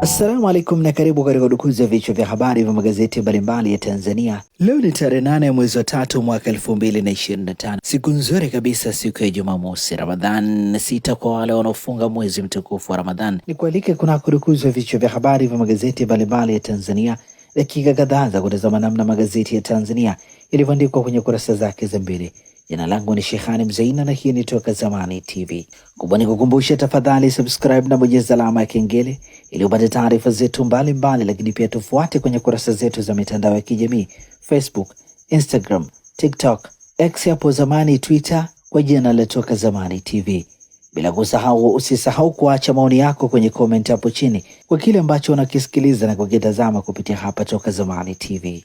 Assalamu alaikum na karibu katika udukuzi ya vichwa vya habari vya magazeti mbalimbali ya Tanzania. Leo ni tarehe nane ya mwezi wa tatu mwaka 2025. Siku nzuri kabisa, siku ya Jumamosi, Ramadhan sita kwa wale wanaofunga mwezi mtukufu wa Ramadhan. Ni kualike kunako dukuzi ya vichwa vya habari vya magazeti mbalimbali ya Tanzania, dakika kadhaa za kutazama namna magazeti ya Tanzania yalivyoandikwa kwenye kurasa zake za mbili Jina langu ni Shehani mzeina na hii ni Toka Zamani TV. Kubwa ni kukumbusha, tafadhali subscribe na bonyeza alama ya kengele ili upate taarifa zetu mbalimbali mbali, lakini pia tufuate kwenye kurasa zetu za mitandao ya kijamii Facebook, Instagram, TikTok, X hapo zamani, Twitter kwa jina la Toka Zamani TV. Bila kusahau, usisahau kuacha maoni yako kwenye comment hapo chini kwa kile ambacho unakisikiliza na kukitazama kupitia hapa Toka Zamani TV.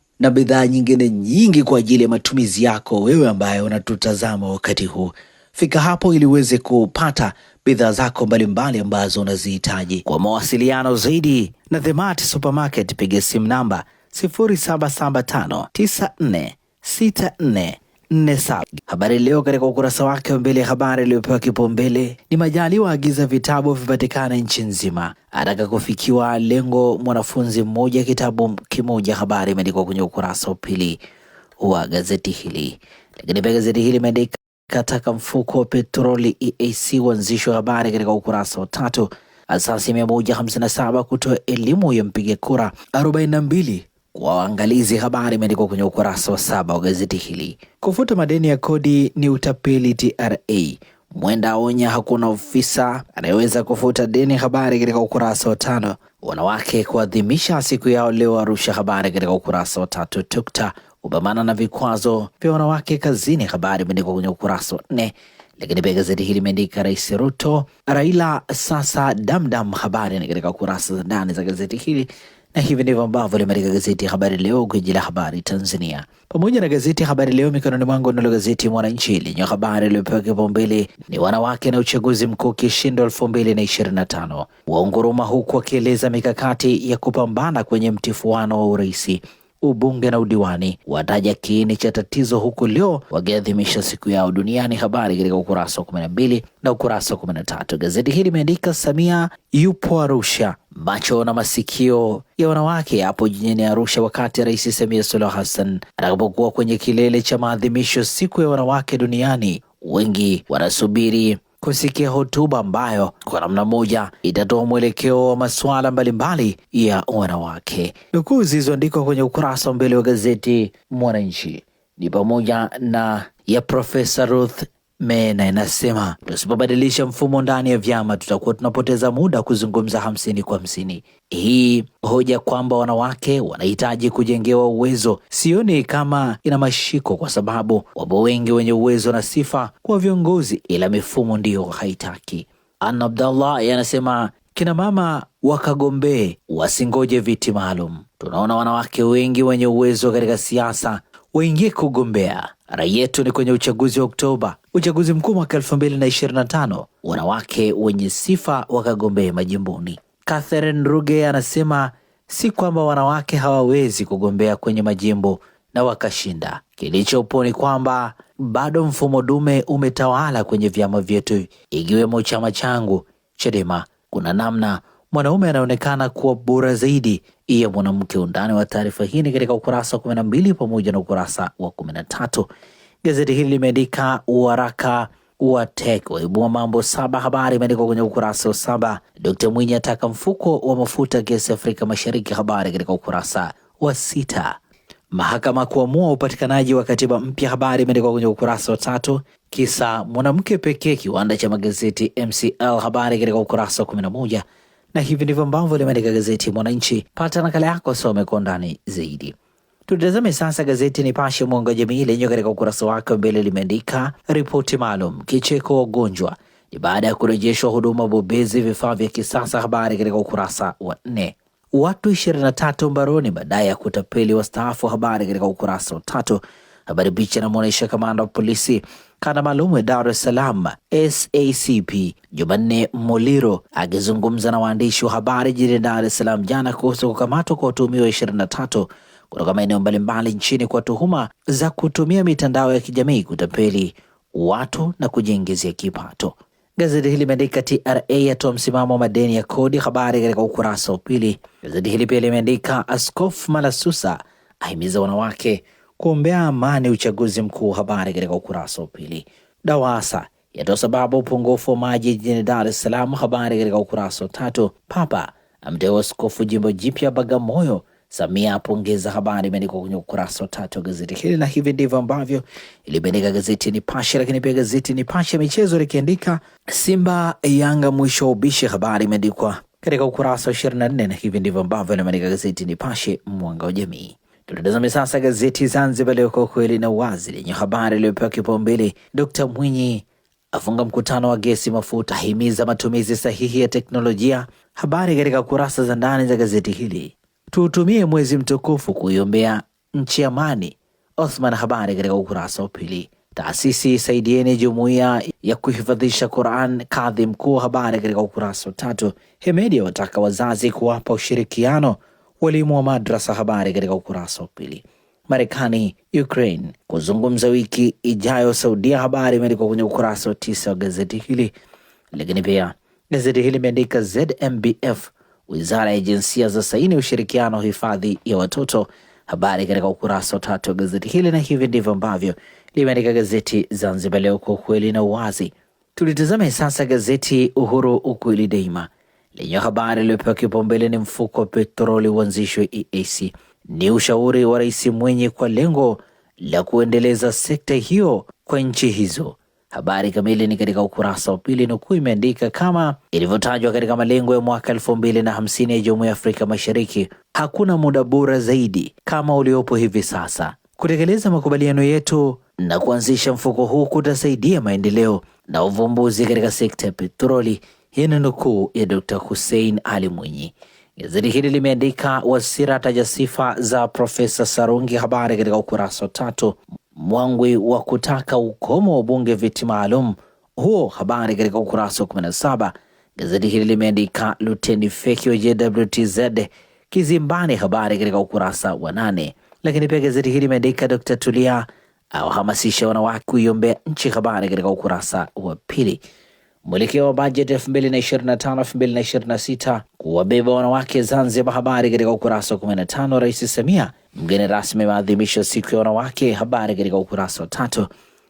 na bidhaa nyingine nyingi kwa ajili ya matumizi yako wewe ambaye unatutazama wakati huu. Fika hapo ili uweze kupata bidhaa zako mbalimbali ambazo unazihitaji. Kwa mawasiliano zaidi na The Mart Supermarket, piga simu namba 07759464 47. Habari Leo katika ukurasa wake wa mbele ya habari iliyopewa kipaumbele ni Majaliwa agiza vitabu vipatikane nchi nzima, ataka kufikiwa lengo mwanafunzi mmoja kitabu kimoja. Habari imeandikwa kwenye ukurasa wa pili wa gazeti hili, lakini pia gazeti hili imeandika kataka mfuko wa petroli EAC uanzishwe, habari katika ukurasa wa tatu. Asasi 157 kutoa elimu ya mpiga kura 42 kwa waangalizi, habari imeandikwa kwenye ukurasa wa saba wa gazeti hili. Kufuta madeni ya kodi ni utapeli, TRA mwenda aonya hakuna ofisa anayeweza kufuta deni, habari katika ukurasa wa tano. Wanawake kuadhimisha siku yao leo Arusha, habari katika ukurasa wa tatu. Tukta kupambana na vikwazo vya wanawake kazini, habari imeandikwa kwenye ukurasa wa nne. Lakini pia gazeti hili imeandika Rais Ruto Raila sasa damdam, habari ni katika kurasa za ndani za gazeti hili na hivi ndivyo ambavyo limeandika gazeti ya Habari Leo, gwiji la habari Tanzania, pamoja na gazeti ya Habari Leo mikononi mwangu. Nalo gazeti Mwananchi lenye habari iliyopewa kipaumbele ni wanawake na uchaguzi mkuu kishindo elfu mbili na ishirini na tano waunguruma, huku wakieleza mikakati ya kupambana kwenye mtifuano wa uraisi ubunge na udiwani wataja kiini cha tatizo, huku leo wakiadhimisha siku yao duniani. Habari katika ukurasa wa kumi na mbili na ukurasa wa kumi na tatu gazeti hili limeandika Samia yupo Arusha, macho na masikio ya wanawake hapo jijini Arusha wakati Rais Samia Suluhu Hassan atakapokuwa kwenye kilele cha maadhimisho siku ya wanawake duniani. Wengi wanasubiri kusikia hotuba ambayo kwa namna moja itatoa mwelekeo wa masuala mbalimbali ya wanawake. Nukuu zilizoandikwa kwenye ukurasa wa mbele wa gazeti Mwananchi ni pamoja na ya Profesa Ruth Mena inasema tusipobadilisha mfumo ndani ya vyama tutakuwa tunapoteza muda kuzungumza hamsini kwa hamsini. Hii hoja kwamba wanawake wanahitaji kujengewa uwezo sioni kama ina mashiko, kwa sababu wapo wengi wenye uwezo na sifa kwa viongozi, ila mifumo ndiyo haitaki. Anna Abdallah yanasema kina mama wakagombee, wasingoje viti maalum. Tunaona wanawake wengi wenye uwezo katika siasa waingie kugombea. Rai yetu ni kwenye uchaguzi wa Oktoba, uchaguzi mkuu mwaka tano, wanawake wenye sifa wakagombea majimboni. Catherine Ruge anasema si kwamba wanawake hawawezi kugombea kwenye majimbo na wakashinda. Kilichopo ni kwamba bado mfumo dume umetawala kwenye vyama vyetu, ikiwemo chama changu Chadema. Kuna namna mwanaume anaonekana kuwa bora zaidi ya mwanamke. Undani wa taarifa hii ni katika ukurasa wa kumi na mbili pamoja na ukurasa wa kumi na tatu. Gazeti hili limeandika waraka wa TEC waibua mambo saba. Habari imeandikwa kwenye ukurasa wa saba. Dkt Mwinyi ataka mfuko wa mafuta gesi Afrika Mashariki, habari katika ukurasa wa sita. Mahakama kuamua upatikanaji wa katiba mpya, habari imeandikwa kwenye ukurasa wa tatu. Kisa mwanamke pekee kiwanda cha magazeti MCL, habari katika ukurasa wa kumi na moja na hivi ndivyo ambavyo limeandika gazeti Mwananchi. Pata nakala yako, some kwa undani zaidi. Tutazame sasa gazeti Nipashe Mwanga Jamii lenyewe katika ukurasa wake mbele limeandika ripoti maalum, kicheko wagonjwa ni baada ya kurejeshwa huduma bobezi, vifaa vya kisasa. Habari katika ukurasa wa nne. Watu 23 mbaroni baadaye ya kutapeli wastaafu. Habari katika ukurasa wa tatu. Habari picha inamwonyesha kamanda wa polisi kanda maalum ya Dar es Salaam SACP Jumanne moliro akizungumza na waandishi wa habari jijini Dar es Salaam jana kuhusu kukamatwa kwa watuhumiwa 23 kutoka maeneo mbalimbali nchini kwa tuhuma za kutumia mitandao ya kijamii kutapeli watu na kujiingizia kipato. Gazeti hili limeandika TRA yatoa msimamo wa madeni ya kodi, habari katika ukurasa wa pili. Gazeti hili pia limeandika Askofu Malasusa ahimiza wanawake kuombea amani uchaguzi mkuu. Habari katika ukurasa wa pili. DAWASA yatoa sababu upungufu wa maji jijini Dar es Salaam. Habari katika ukurasa wa tatu. Papa amteua askofu jimbo jipya Bagamoyo, Samia apongeza. Habari imeandikwa kwenye ukurasa wa tatu wa gazeti hili, na hivi ndivyo ambavyo ilimeandika gazeti Nipashe. Lakini pia gazeti Nipashe michezo likiandika Simba Yanga mwisho wa ubishi, habari imeandikwa katika ukurasa wa ishirini na nne, na hivi ndivyo ambavyo limeandika gazeti Nipashe mwanga wa jamii. Tunatazame sasa gazeti Zanzibar Leo, kwa kweli na wazi lenye habari iliyopewa kipaumbele, Dkt Mwinyi afunga mkutano wa gesi mafuta, himiza matumizi sahihi ya teknolojia. Habari katika kurasa za ndani za gazeti hili. Tuutumie mwezi mtukufu kuiombea nchi amani, Othman. Habari katika ukurasa wa pili. Taasisi saidieni jumuiya ya kuhifadhisha Quran, kadhi mkuu. Habari katika ukurasa wa tatu. Hemedi wataka wazazi kuwapa ushirikiano walimu wa madrasa. Habari katika ukurasa wa pili. Marekani Ukraine kuzungumza wiki ijayo Saudia. Habari imeandikwa kwenye ukurasa wa tisa wa gazeti hili. Lakini pia gazeti hili imeandika ZMBF, wizara ya jinsia za saini ushirikiano hifadhi ya watoto. Habari katika ukurasa wa tatu wa gazeti hili, na hivi ndivyo ambavyo limeandika gazeti Zanzibar Leo, kwa ukweli na uwazi. Tulitazame sasa gazeti Uhuru, ukweli daima lenye habari iliyopewa kipaumbele ni mfuko wa petroli uanzishwe EAC. Ni ushauri wa Rais Mwinyi kwa lengo la kuendeleza sekta hiyo kwa nchi hizo. Habari kamili ni katika ukurasa wa pili, nukuu imeandika kama ilivyotajwa katika malengo ya mwaka elfu mbili na hamsini ya Jumuiya ya Afrika Mashariki, hakuna muda bora zaidi kama uliopo hivi sasa kutekeleza makubaliano yetu na kuanzisha mfuko huu kutasaidia maendeleo na uvumbuzi katika sekta ya petroli hii ni nukuu ya Dr. Hussein Ali Mwinyi. Gazeti hili limeandika Wasira ataja sifa za Profesa Sarungi, habari katika ukurasa wa tatu. Mwangwi wa kutaka ukomo wa bunge viti maalum huo, habari katika ukurasa wa 17. Gazeti hili limeandika Luteni Feki wa JWTZ kizimbani, habari katika ukurasa wa nane. Lakini pia gazeti hili limeandika Dr. Tulia awahamasisha wanawake kuiombea nchi, habari katika ukurasa wa pili. Mwelekeo wa bajeti na sita kuwabeba wanawake Zanzibar. Habari katika ukurasa wa tano. Rais Samia mgeni rasmi maadhimisho siku ya wanawake. Habari katika ukurasa wa tatu,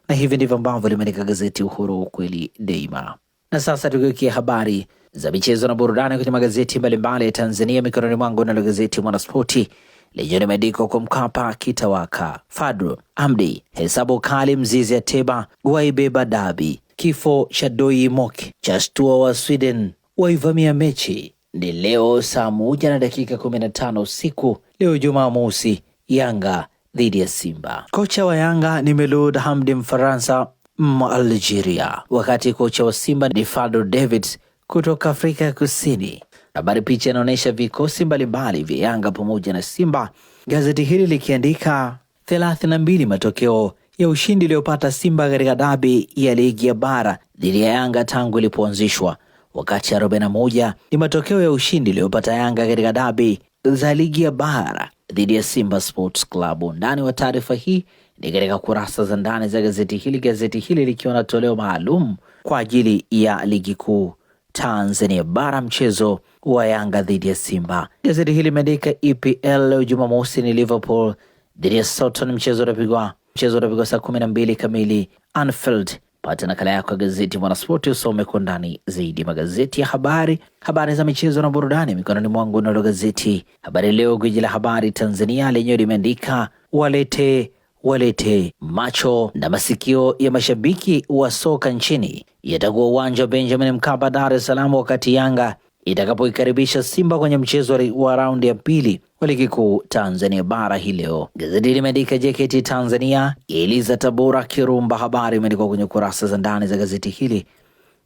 na hivi ndivyo ambavyo limeandika gazeti Uhuru, ukweli daima. Na sasa tukiwekia habari za michezo na burudani kwenye magazeti mbalimbali ya Tanzania mikononi mwangu, nalo gazeti Mwanaspoti lenyewe limeandikwa kwa Mkapa kitawaka, Fadru Amdi hesabu kali, Mzizi ya teba waibeba dabi Kifo cha Doi Moke cha stua wa Sweden waivamia mechi. Ni leo saa moja na dakika 15 usiku leo Jumamosi, Yanga dhidi ya Simba. Kocha wa Yanga ni Melud Hamdi, Mfaransa mwa Algeria, wakati kocha wa Simba ni Fado David kutoka Afrika ya Kusini. Habari picha inaonyesha vikosi mbalimbali vya Yanga pamoja na Simba, gazeti hili likiandika 32 matokeo ya ushindi iliyopata Simba katika dabi ya ligi ya bara dhidi ya Yanga tangu ilipoanzishwa, wakati 41 ni matokeo ya ushindi iliyopata Yanga katika dabi za ligi ya bara dhidi ya Simba Sports Club. Undani wa taarifa hii ni katika kurasa za ndani za gazeti hili, gazeti hili likiwa na toleo maalum kwa ajili ya ligi kuu Tanzania bara, mchezo wa Yanga dhidi ya Simba. Gazeti hili limeandika EPL leo Jumamosi ni Liverpool dhidi ya Soton, mchezo utapigwa Mchezo utapigwa saa kumi na mbili kamili Anfield. Pata nakala yako ya gazeti Mwanaspoti usome kwa ndani zaidi magazeti ya habari, habari za michezo na burudani. Mikononi mwangu nalo gazeti Habari Leo, gwiji la habari Tanzania, lenyewe limeandika walete walete macho na masikio ya mashabiki wa soka nchini yatakuwa uwanja wa Benjamin Mkapa, Dar es Salaam, wakati Yanga itakapoikaribisha Simba kwenye mchezo wa raundi ya pili wa ligi kuu Tanzania bara hii leo. Gazeti limeandika JKT Tanzania yailiza Tabora Kirumba. Habari imeandikwa kwenye kurasa za ndani za gazeti hili.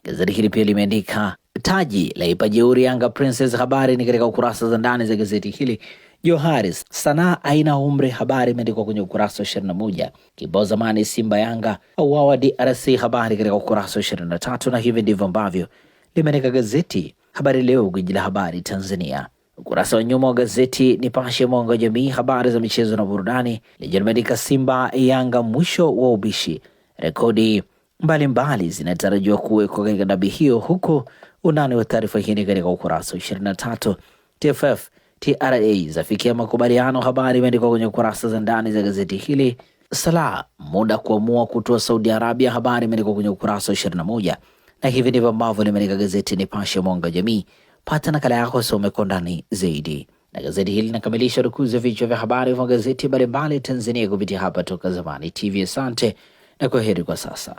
Gazeti hili pia limeandika taji la ipa jeuri Yanga Princess. Habari ni katika ukurasa za ndani za gazeti hili. Joharis sanaa aina umri, habari imeandikwa kwenye ukurasa wa ishirini na moja. Kibao zamani Simba Yanga auawa DRC, habari katika ukurasa wa ishirini na tatu. Na hivi ndivyo ambavyo limeandika gazeti Habari Leo, gwiji la habari Tanzania. Ukurasa wa nyuma wa gazeti Nipashe mwanga wa jamii, habari za michezo na burudani, limeandika Simba Yanga mwisho wa ubishi, rekodi mbalimbali zinatarajiwa kuwekwa katika dabi hiyo, huku unani wa taarifa hii ni katika ukurasa wa 23. TFF TRA zafikia makubaliano, habari imeandikwa kwenye kurasa za ndani za gazeti hili. Salah muda kuamua kutoa Saudi Arabia, habari imeandikwa kwenye ukurasa wa 21 na hivi ndivyo ambavyo limeandika gazeti Nipashe mwanga jamii. Pata nakala yako, some kwa ndani zaidi. Na gazeti hili linakamilisha rukuzi ya vichwa vya habari vya magazeti mbalimbali Tanzania kupitia hapa Toka Zamani TV. Asante na kwaheri kwa sasa.